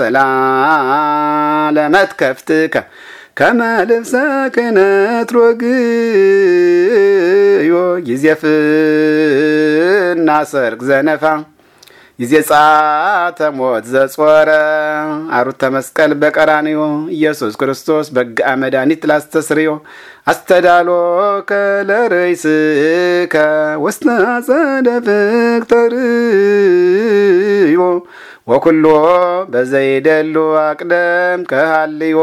ዘላለመት ከፍትከ ከመ ልብሰ ክህነት ወግዮ ጊዜ ፍና ሰርክ ዘነፋ ጊዜ ጻተ ሞት ዘጾረ አሩተ መስቀል በቀራንዮ ኢየሱስ ክርስቶስ በግአ መድኃኒት ላስተስርዮ አስተዳሎ ከለርእይስከ ውስተ ጸደፍቅ ተርእዩ ወኩሎ በዘይደሉ አቅደም ከሃልዮ